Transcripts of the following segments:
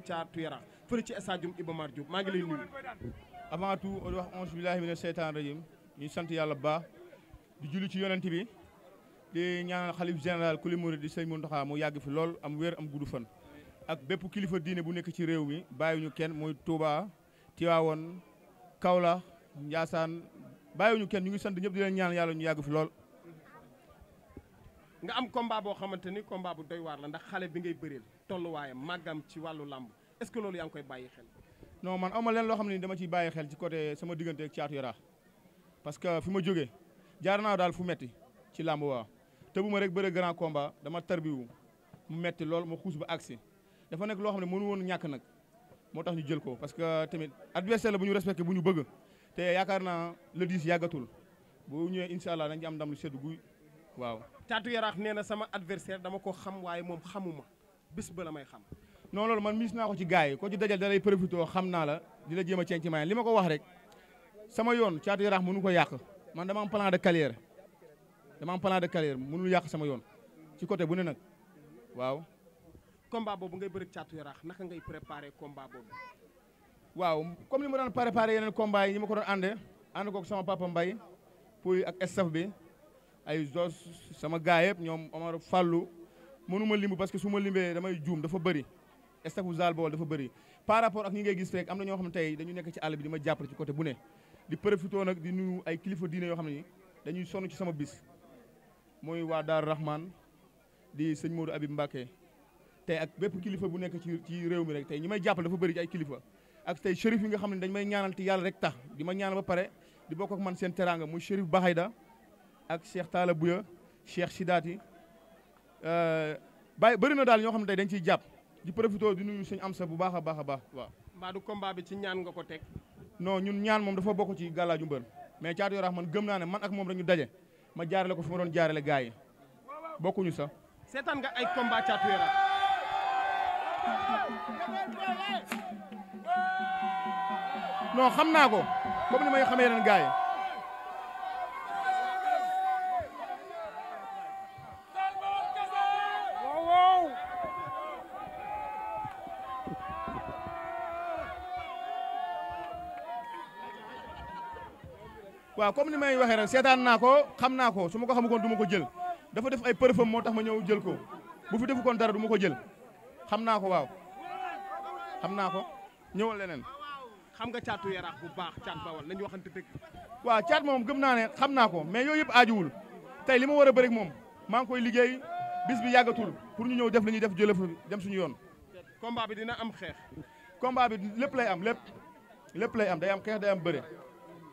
caatu Yarax fële ci stadium Iba Mar Diop maa ngi lay nuyu. avant tout on wax onze billahi mina seytaan rajim ñu sant yàlla bu baax di julli ci yonent bi di ñaanal xalif général kuli murid di sëñ Mountakha mu yàgg fi lool am wér am gudd fan. ak bépp kilifa diine bu nekk ci réew mi bàyyiwuñu kenn muy Touba Tivaouane Kaolack Ndiassane bàyyiwuñu kenn ñu ngi sant ñëpp di leen ñaan yàlla ñu yàgg fi lool. nga am combat boo xamante ni combat bu doy waar la ndax xale bi ngay bëreel tolluwaayam màggam ci wàllu làmb est-ce que loolu yaa ngi koy bàyyi xel. non man aw leen loo xam ne dama ciy bàyyi xel ci côté sama diggante ak Yara parce que fi ma jógee jaar naa daal fu metti ci làmb waaw tëbu ma rek bëre grand combat dama tarbiwu mu metti lool ma xuus ba agsi dafa nekk loo xam ne mënu woon ñàkk nag moo tax ñu jël ko parce que tamit adversaire la bu ñu respecté bu ñu bëgg te yaakaar naa le 10 yàggatul bu ñëwee incha allah am ndam lu seddu waaw. Caatu Yaraax nee na sama adversaire dama ko xam waaye moom xamuma bis ba la may xam. non loolu man miis naa ko ci gars yi ko ci dajal da lay profité xam naa la di la jéem a ceeñ ci li ma ko wax rek sama yoon Caatu Yaraax mënu ko yàq man dama am plan de carrière dama am plan de carrière mënul yàq sama yoon ci côté bu ne nag waaw. combat boobu ngay bëri Caatu Yaraax naka ngay préparé combat boobu. waaw comme ni ma doon préparé yeneen combat yi ni ma ko doon àndee ànd koog sama papa ak staff bi. ay Zos sama gaa yëpp ñoom Omar Fallou mënuma limb parce que su ma limbee damay juum dafa bëri stafu Zal Baol dafa bëri par rapport ak ñi ngay gis rek am na ñoo xam ne tey dañu nekk ci àll bi di ma jàppale ci ne di profité nag di nuyu ay kilifa diine yoo xam ne dañuy sonn ci sama bis mooy waa Daar Rahman di sëñ Modou abi Mbacké tey ak bépp kilifa bu nekk ci ci réew mi rek tey ñu may jàppale dafa bëri ay kilifa ak tey shérif yi nga xam ne dañ may ñaanal ti yàlla rek tax di ma ñaanal ba pare di bokk man seen teraanga muy shérif Bahayda ak Cheikh Talla Bouya Cheikh Sidaati euh, bàyyi bëri na daal ñoo xam ne tey dañ ciy jàpp di profité di nuyu suñu am sa bu baax a baax a baax waaw. mbaa du combat bi ci ñaan nga ko teg. non ñun ñaan moom dafa bokk ci gàllaaju mbër mais Thiatou Yorakh man gëm naa ne man ak moom dañu daje ma jaarale ko fi ma doon jaarale gars yi bokkuñu sax. seetaan nga ay combat Thiatou Yorakh. non xam naa ko comme ni may xamee yeneen gars yi waaw ni may waxee rek seetaan naa ko xam naa ko su ma ko xamukoon ko jël dafa def ay përëfam moo tax ma ñëw jël ko bu fi defukoon dara du ko jël xam naa ko waaw xam naa ko ñëwal leneen. xam nga caatu yaraax bu baax caat bawal nañu waxante dëgg. waaw caat moom gëm naa ne xam naa ko mais yooyu yëpp aajuwul tey li ma war a bëri moom maa ngi koy liggéey bis bi yàggatul pour ñu ñëw def li ñuy def jëlëf dem suñu yoon. combat bi dina am xeex. combat bi lépp lay am lépp lépp lay am day am xeex day am bëre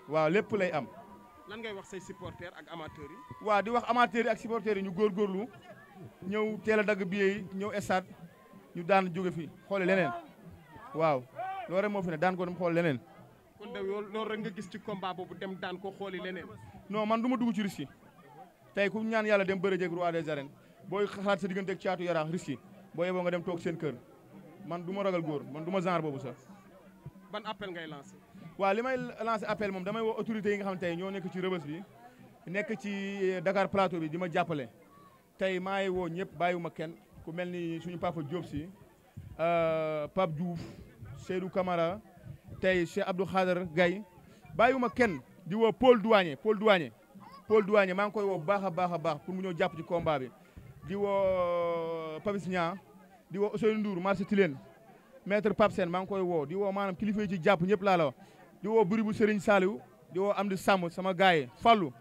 waaw lépp lay am. lan ngay wax say supporters ak amateurs yi. waaw di wax amateurs yi ak supporters yi ñu góorlu ñëw teel a dagg billet ñëw stade ñu daan jóge fi xoole leneen waaw loolu rek moo fi ne daan ko dem xool leneen. kon de loolu rek nga gis ci combat boobu dem daan ko xooli leneen. non man du ma dugg ci risque yi tey ku ñaan yàlla dem bëre jeeg roi des booy xalaat sa diggante ak caatu yaraax risque yi boo yeboo nga dem toog seen kër man du ma ragal góor man du ma genre boobu sax. ban appel ngay lancer. waa li may lancé appel moom damay woo autorités yi nga xam tey ñoo nekk ci rëbës bi nekk ci eh, Dakar Plateau bi di ma jàppale tey maa ngi woo ñëpp bàyyiwuma kenn ku mel ni suñu papa Diop si euh, Pape Diouf Seydou Camara tey Cheikh Abdou Khader Gaye bàyyiwuma kenn di woo Paul Douanier Paul Douanier Paul Douanier maa ngi koy woo baax baaxa baax a baax pour mu ñëw jàpp ci combat di woo euh, Papis Niang di woo Ousseynou Ndour marché Tilène maître Pape Sène maa ngi koy woo di woo maanaam kilifa yi ci jàpp ñëpp laa la wax di woo buri bu Serigne Saliou di woo am di sàmm sama gars yi Fallou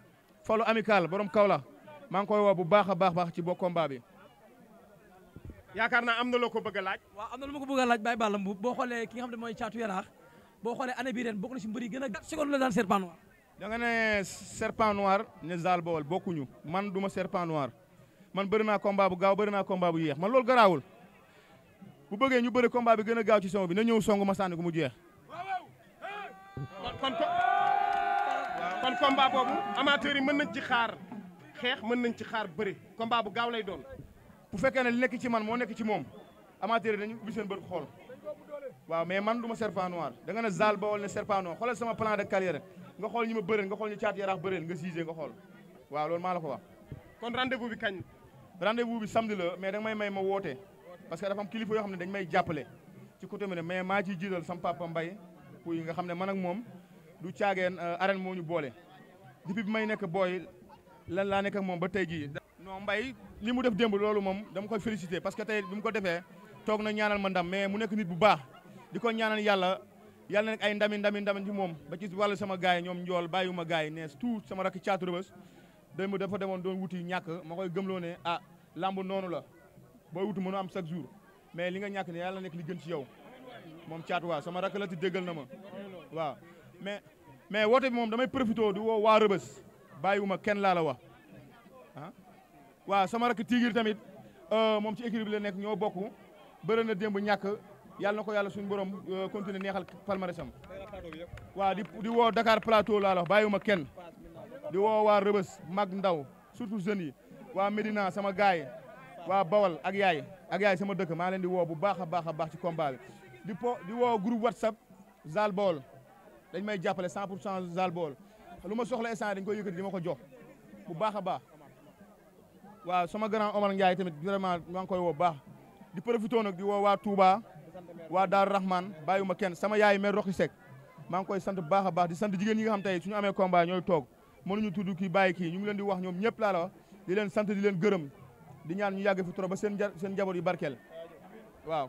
Fallou amical borom Kaolack maa ngi koy woo bu baax a ci bokk combat bi. yaakaar naa am na loo ko bëgg laaj. waaw am na lu ma ko bëgg a laaj Baye boo xoolee ki nga xam ne mooy caatu yaraax boo xoolee année bi ren bokk na si mbër yi gën a gàtt seconde la daan ne serpent noir ne zaal man du ma serpent man bëri naa combat bu gaaw bëri naa combat bu yéex man lool garaawul bu bëggee ñu bëri combat bi gën a gaaw ci song bi na ñëw song ma sànni ko mu jeex. kon combat boobu amateurs yi mën nañ ci xaar xeex mën nañ ci xaar bëri combat bu gaaw lay doon. bu fekkee ne li nekk ci man moo nekk ci moom amateurs yi dañu ubbi seen bët xool waaw mais man du ma serpent noir da nga ne Zal Baol ne serpent noir xoolal sama plan de carrière nga xool ñi ma bëreel nga xool ñu caat yaraax bëreel nga siisee nga xool waaw loolu maa la ko wax. kon rendez-vous bi kañ. rendez-vous sam samedi la mais da may may ma woote parce que dafa am kilifa yoo xam ne dañ may jàppale ci côté mais maa ciy jiital sama papa Mbaye pour nga xam ne man ak moom du caageen euh, arène moo ñu boole depuis bi may nekk booy lan laa nekk ak moom ba tey jii. non mbay li mu def démb loolu moom dama koy féliciter parce que tey bi mu ko defee toog na ñaanal ma ndam mais mu nekk nit bu baax di ko ñaanal yàlla yàlla nekk ay ndami ndami ndami ci moom ba ci wàllu sama gaay ñoom njool bàyyiwuma gaay yi nees tout sama rakk caatu rëbës démb dafa demoon doon wuti ñàkk ma koy gëmloo ne ah lamb noonu la booy wuti mënu am chaque jour mais li nga ñàkk ne yàlla nekk li gën ci yow moom caatu waa sama rakk la ti déggal na ma waaw mais mais woote bi moom damay profité di woo waa Rëbës bàyyiwuma kenn laa la wax ah waaw sama rakk Tigir tamit euh, moom ci équipe bi la nekk ñoo bokk bëri na démb ñàkk yàlla na ko yàlla suñu borom euh, continuer neexal palmarèsam waa di di woo Dakar Plateau laa la wax bàyyiwuma di woo waa Rëbës mag ndaw surtout jeunes yi waa Médina sama gaay waa Bawal ak yaay ak yaay sama dëkk maa leen di woo bu baax a baax a baax ci combat bi di po di woo groupe WhatsApp Zal Bawol dañ may jàppale 100 pour cent Zalbool lu ma soxla instant dañ koy yëkkati di ma ko jox bu baax a ma waaw sama grand Omar Ndiaye tamit vraiment maa ngi koy woo baax di profité nag di woo waa Touba waa Daaru Rahman bàyyiwuma kenn sama yaay mère Roxi Seck maa ngi koy sant bu baax a baax di sant jigéen ñi nga xam tey suñu amee combat ñooy toog mënuñu tudd kii bàyyi kii ñu ngi leen di wax ñoom ñëpp laa la wax di leen sant di leen gërëm di ñaan ñu yàgg fi ba seen seen njaboot yu barkeel waaw